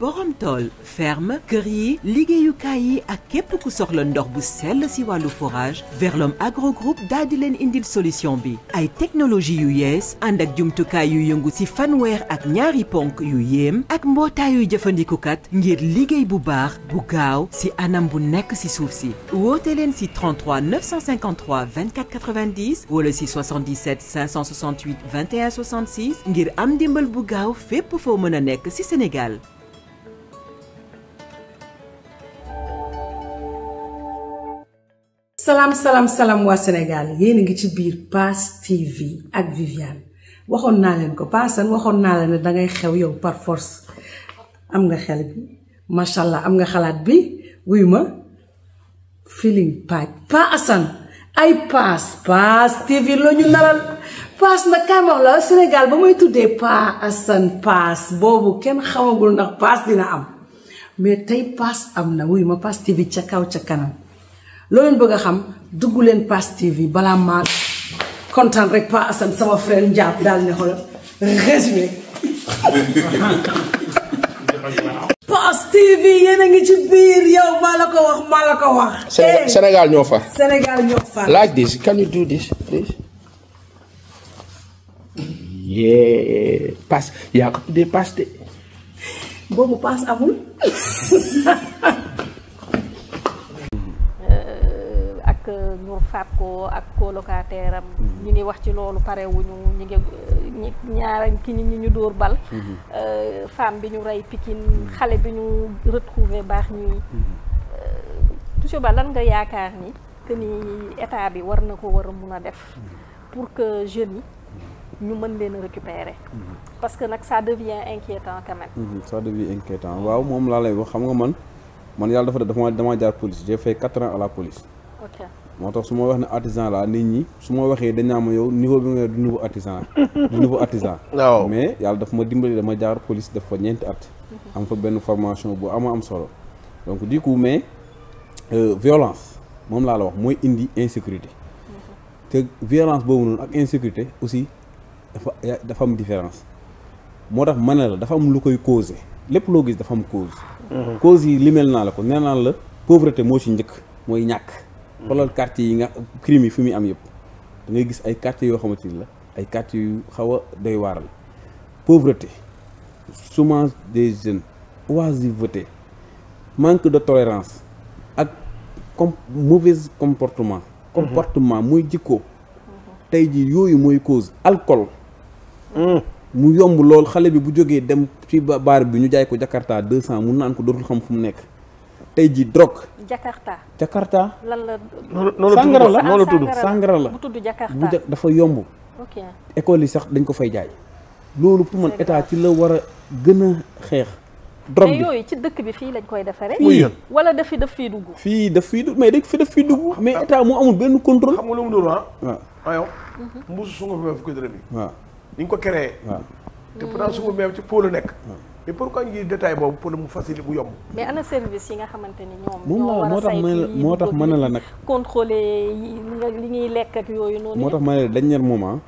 BOROMTOL, ferme kër yi liggéeyukaay yi ak képp ku soxla ndox bu sell si wàllu forage Verlom Agro Group indil solution bi ay technologie yu yees ànd ak jumtukaay yu yëngu si fanweer ak ñaari ponk yu yéem ak mbootaayu jëfandikukat ngir liggéey bu baax bu gaaw si anam bu nekk si suuf si woote leen si 33 953 24 90 wala si 77 568 21 66 ngir am ndimbal bu gaaw fépp foo mën si Sénégal salaam salaam salaam waa Sénégal yéen a ngi ci biir Pass TV ak vivian waxoon naa leen ko Paasan waxoon naa leen ne dangay xew yow par force am nga xel bi macha allah am nga xalaat bi wuyu ma feeling paaj Paasan ay Pass Pass TV la ñu naral Pass nag la Sénégal ba may tuddee Paasan paas boobu kenn xamagul ndax paas dina am mais tey Pass am na wuy ma Pass TV ca kaw ca kanam. loo leen bëgg a xam dugg leen Pass TV balaa maa kontaan rek Pa Assane sama frère Ndiab daal ne xoolal résumé. Pass TV yéen a ngi ci biir yow maa la ko wax maa la ko wax. Eh, Sénégal ñoo fa. Sénégal ñoo fa. like this can you do this please. Pass yaa ko tuddee Pass de. boobu Pass amul. nur avons ko ak colocataire mm-hmm. wax ci femme bi ñu mm-hmm. retrouver mm-hmm. euh, Ba que ni état bi pour que jeunes nous ñu récupérer parce que ça devient inquiétant quand même ça devient inquiétant waaw suis la lay wax xam police j'ai fait 4 ans à la police motax suma wax ne artisan la nit ñi su ma dañ na ma yow niveau bi nga du artisan du nouveau artisan mais yalla daf ma dimbali dama jaar police def fa ñeenti at mhm. am fa ben formation bu ama am solo donc du coup mais euh, violence mom laa la wax moy indi insécurité mhm. te violence boobu noonu ak insécurité aussi dafa dafa am différence motax manela dafa am lu koy causer lepp lo gis dafa am cause mhm. cause yi limel naa la ko nee la pauvreté mo ci ñëk moy ñàkk xoolal quartier yi nga crime yi fi muy am yëpp da ngay gis ay quartier yoo xamante ni la ay quartier yu xaw a doy waaral la pauvreté chômage des jeunes oisiveté manque de tolérance ak com comportement comportement muy jikko tey ji yooyu mooy cause alcool hmm. mu yomb lool xale bi bu jógee dem ci baar bi ñu jaay ko Jakarta deux cent mun naan ko dootul xam fu mu nekk tey jii drogue. Jakarta Jakarta. lan la sàngara la noonu la tudd sàngara la bu tudd Jakarta dafa yomb. ok école yi sax dañ ko fay jaay. loolu pour man état ci la war a gën a xeex. drogue bi mais yooyu ci dëkk bi fii lañ koy defaree. fii wala daf fi daf fiy dugg. fii daf fiy dugg mais daf fi daf fiy dugg. Ah, mais ah. état moo amul benn contrôle. xam nga lu mu doon ah. waaw ah. yow. Mhm. mbuus su nga fi may fukki dërëm yi. waaw ni nga ko créé. waaw te pourtant su ma ci pôle nekk. mais pourquoi ñuy détail boobu pour mu faciliter bu yomb. mais ana service yi nga xamante ni ñoom. ñoo war a moo tax mën na la nag. contrôler li ñuy lekk ak yooyu moo tax ma ne dañ dernier moment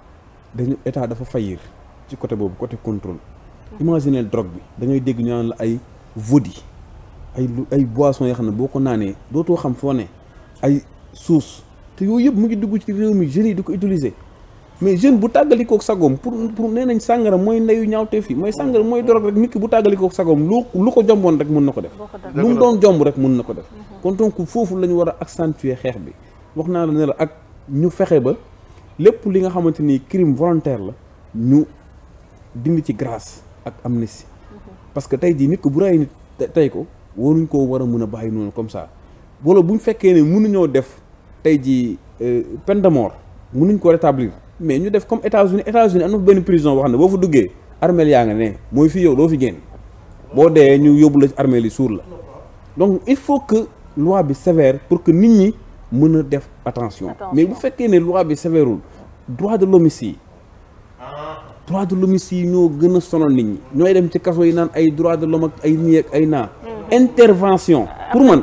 dañu état dafa faillir ci côté boobu côté contrôle. Hmm. imaginez drogue bi da dégg ñu naan la ay vodis ay ay boissons yoo xam ne boo ko naanee dootoo xam foo ne ay suus te yooyu yëpp mu ngi dugg ci réew mi jeunes yi di ko utiliser. mais jeune bu tàggalikook sagoom pour pour nee nañ sàngara mooy ndeyu ñaawteef yi mooy sàngara mooy dorog rek nit ki bu tàggalikook sagoom lu lu ko jomboon rek mën na ko def lu mu doon jomb rek mun na ko def mhm. kon donc foofu la ñu war a accentuer xeex bi wax naa la ne la ak ñu fexe ba lépp li nga xamante ni crime volontaire la ñu dind ci grâce ak amnistie mhm. parce que tey jii nit ko bu ray nit tey ko war waruñ koo war a mun a bàyyi noonu comme ça wala bu ñu fekkee ne mënuñoo def tey jii euh, peine de mort mënuñ ko rétablir mais ñu def comme États-Unis États-Unis prison wax ne boo fa duggee armeel nga ne mooy fii yow fi nous, donc il faut que loi soit sévère pour que nit attention mais vous que une loi bi sévèreul droit de l'homicide droit de l'homicide nous devons sonal nit ñi dem ci de l'homme mm. intervention pour moi,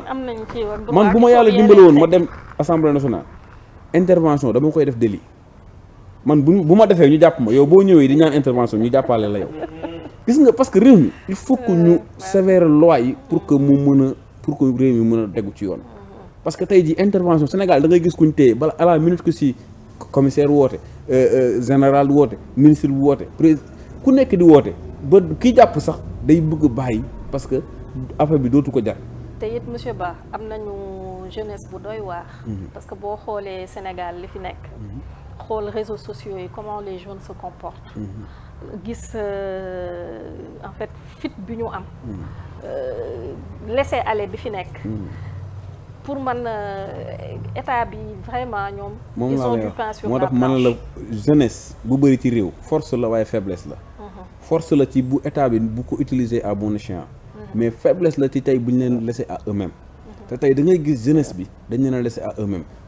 man vous ma assemblée nationale intervention dama man ñu ma yow di intervention parce que il faut que ñu sévère loi pour que mu pour que parce que tay ji intervention Sénégal da ngay gis à la minute que commissaire euh, euh, général ministre ku nekk di ba sax day bëgg parce que affaire bi monsieur Ba jeunesse bu mhm. parce que Sénégal li mhm xool réseaux sociaux et comment les jeunes se comportent mhm. gis euh, en fait fit biñu ñu am mhm. euh, laisser aller bi fi mhm. pour man euh, état bi vraiment ils ont du pain sur moo tax man la jeunesse bu vous ci réew force la waaye faiblesse la force la ci bu état bi bu ko utiliser à bon escient mais faiblesse la ci tey bu leen laisser à eux-mêmes te tey da ngay jeunesse bi dañ leen laisser à eux-mêmes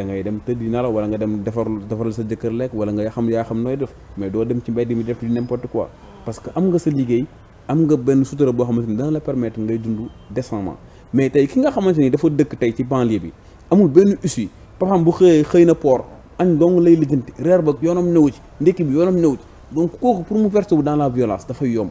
da ngay dem tëddi nelaw wala nga dem defar defaral sa jëkkër lekk wala nga xam yaa xam nooy def mais doo dem ci mbedd mi def di n'importe quoi parce que am nga sa liggéey am nga benn sutura boo xamante ni dana la permettre ngay dund décemment mais tey ki nga xamante ni dafa dëkk tey ci banlieue bi amul benn ussu papaam bu xëyee xëy na poor añ dong lay lijjanti reer ba yoonam newu ci ndékki bi yoonam newu ci donc kooku pour mu verser wu dans la violence dafay yomb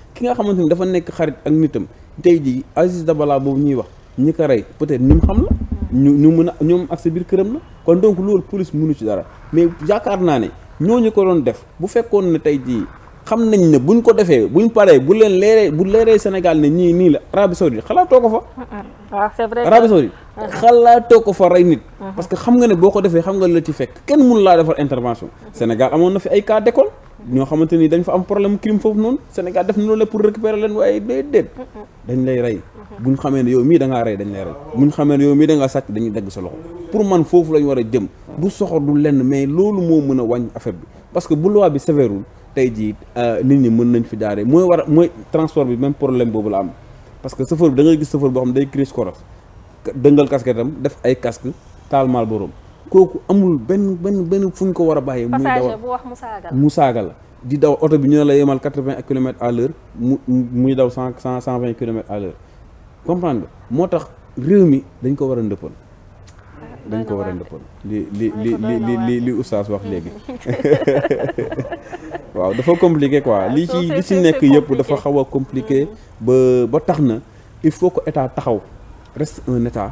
ki nga xamante ni dafa nekk xarit ak nitam tey jii Aziz Dabala boobu ñuy wax ñi ko rey peut ni mu xam la ñu ñu mën a ñoom ak sa biir këram na kon donc loolu police mënu ci dara mais yaakaar naa ne ñoo ñu ko doon def bu fekkoon ne tey jii xam nañ ne buñ ko defee buñ paree bu leen leeree bu leeree Sénégal ne ñii nii la Arabie Saoudite xalaatoo ko fa. waaw ah, c'est vrai Arabie Saoudite ah. xalaatoo ko fa rey nit. Ah. parce que xam nga ne boo ko defee xam nga la ci fekk kenn mënu laa defar intervention. Sénégal amoon na fi ay cas d'école ñoo xamante ni dañ fa am problème crime foofu noonu Sénégal def na loolu pour récupérer leen waaye day dañ lay rey buñ xamee ne yow mii da ngaa rey dañ lay rey buñ xamee ne yow mii da ngaa sàcc dañuy dagg sa loxo pour man foofu lañ war a jëm du soxor du lenn mais loolu moo mën a wàññ affaire bi parce que bu loi bi sévèrul tey jii euh, nit ñi mën nañ fi jaaree mooy war a mooy transport bi même problème boobu la am parce que chauffeur bi da ngay gis chauffeur boo xam day crise koros dëngal casquette am def ay casque taal maal kooku amul benn benn benn fu ñu ko war a bàyyi muy dawal bu wax mu saaga la di daw oto bi ñu ne la yemal quatre vingt kilomètres à l'heure mu muy daw cent cent cent vingt kilomètres à l'heure comprendre moo tax réew mi dañ ko war a ndëppal. dañ ko war a ndëppal li li li li li li oustaz wax léegi waaw dafa compliqué quoi ah, li ci li ci nekk yëpp dafa xaw a compliqué mm-hmm. ba ba tax na il faut que état taxaw reste un état.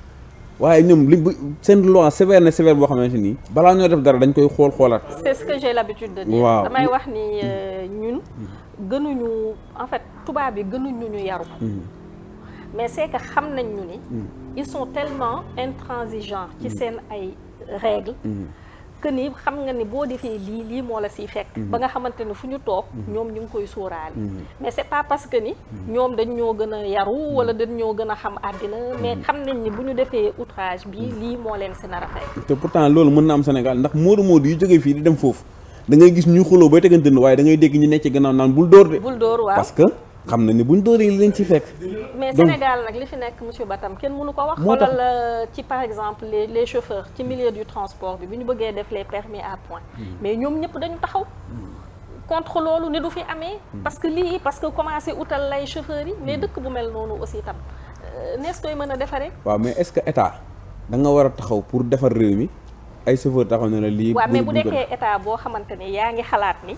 waaye ñoom li seen loi sévère na sévère boo xamante ni balaa ñoo def dara dañ koy xool xoolaat. c'est ce que j'ai l'habitude de dire. waaw damay wax ni euh, ñun gënuñu en fait tubaab yi gënuñu ñu yarou. Hmm. mais c'est que xam nañ ñu ni. Hmm. ils sont tellement intransigeants ci hmm. seen ay règles. que ni xam nga ni boo defee lii lii moo la siy fekk mhm. ba nga xamante ne fu ñu toog mhm. ñoom ñu ngi koy sóoraale mhm. mais c'est pas parce que ni ñoom dañ ñoo gën a yaru wala dañ ñoo gën a xam àddina mais xam nañ ni bu ñu defee outrage bi lii moo leen si nar a fekk te pourtant loolu mën na am Sénégal ndax moodu moodu yu jóge fii di dem foofu da ngay gis ñuy xuloo bay tegante waaye da ngay dégg ñu nekk ci gannaaw naan bul dóor de bul dóor waaw xam na ni buñ doore li leen ci fekk. mais Sénégal nag li fi nekk monsieur Batam kenn mënu ko wax. moo tax xoolal euh, ci par exemple les les chauffeurs ci milieu du transport bi bu ñu bëggee def les permis à point. Hmm. mais ñoom ñëpp dañu taxaw. Hmm. contre loolu ni du fi amee. Hmm. parce que lii parce que commencé utal lay chauffeurs yi mais dëkk bu mel noonu aussi itam euh, nees koy mën a defaree. waaw mais est-ce que état da nga war a taxaw pour defar réew mi ay chauffeurs taxaw na la lii. waaw mais bu nekkee état boo xamante ne yaa ngi xalaat ni.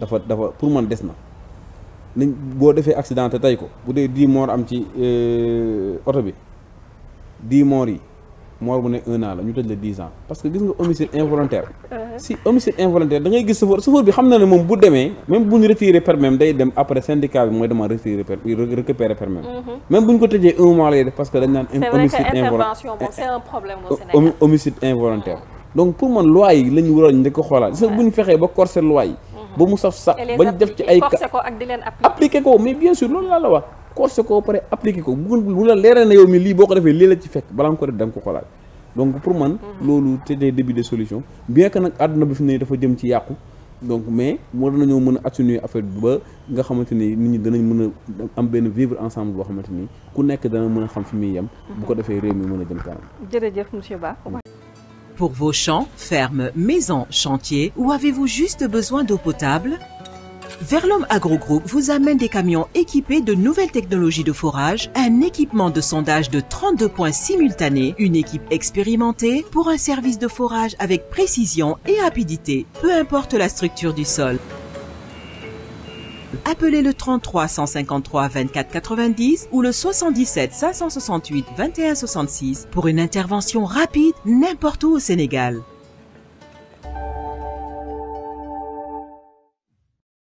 dafa dafa pour man des na nañ boo defee accident te tey ko bu dee dix morts am ci euh, oto bi dix morts yi moor bu ne un an la ñu tëj la dix ans parce que gis nga homicide involontaire uh-huh. si homicide involontaire da ngay gis chauffeur chauffeur bi xam na ne moom bu demee même bu ñu retiré permis day dem après syndicat bi mooy dama retiré permis récupérer permis uh-huh. même bu ñu ko tëjee un mois lay def parce que dañ un homicide involontaire c'est un problème au euh, Sénégal homicide involontaire donc pour man loi yi la ñu waroon njëkk a xoolaat gis nga bu ñu fexee ba corser loi yi ba mu saf sax bañ def ci ay cas appliqué ko mais bien sûr loolu laa la wax corsé ko pare appliqué ko bu la leeral na yow mi lii boo ko defee lii la ci fekk balaa nga ko def da ko xoolaat donc pour man mhm. loolu te des début de solution bien que nag àdduna bi fi ne dafa jëm ci yàqu donc mais moo ñoo mën a atténuer affaire bi ba nga xamante ni nit ñi danañ mën a am benn vivre ensemble boo xamante ni ku nekk dana mën a xam fi muy yem bu ko defee réew mi mën a jëm kanam jërëjëf monsieur Ba pour vos champs, fermes, maisons, chantiers ou avez-vous juste besoin d'eau potable Verlom Agro Group vous amène des camions équipés de nouvelles technologies de forage, un équipement de sondage de 32 points simultanés, une équipe expérimentée pour un service de forage avec précision et rapidité, peu importe la structure du sol appelez le 33 153 24 90 ou le 77 568 21 66 pour une intervention rapide n'importe où au Sénégal.